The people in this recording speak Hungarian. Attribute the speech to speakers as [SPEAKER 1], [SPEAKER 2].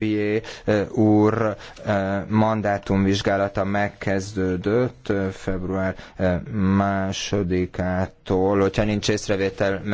[SPEAKER 1] Pié eh, úr eh, mandátumvizsgálata megkezdődött eh, február másodikától, hogyha nincs észrevétel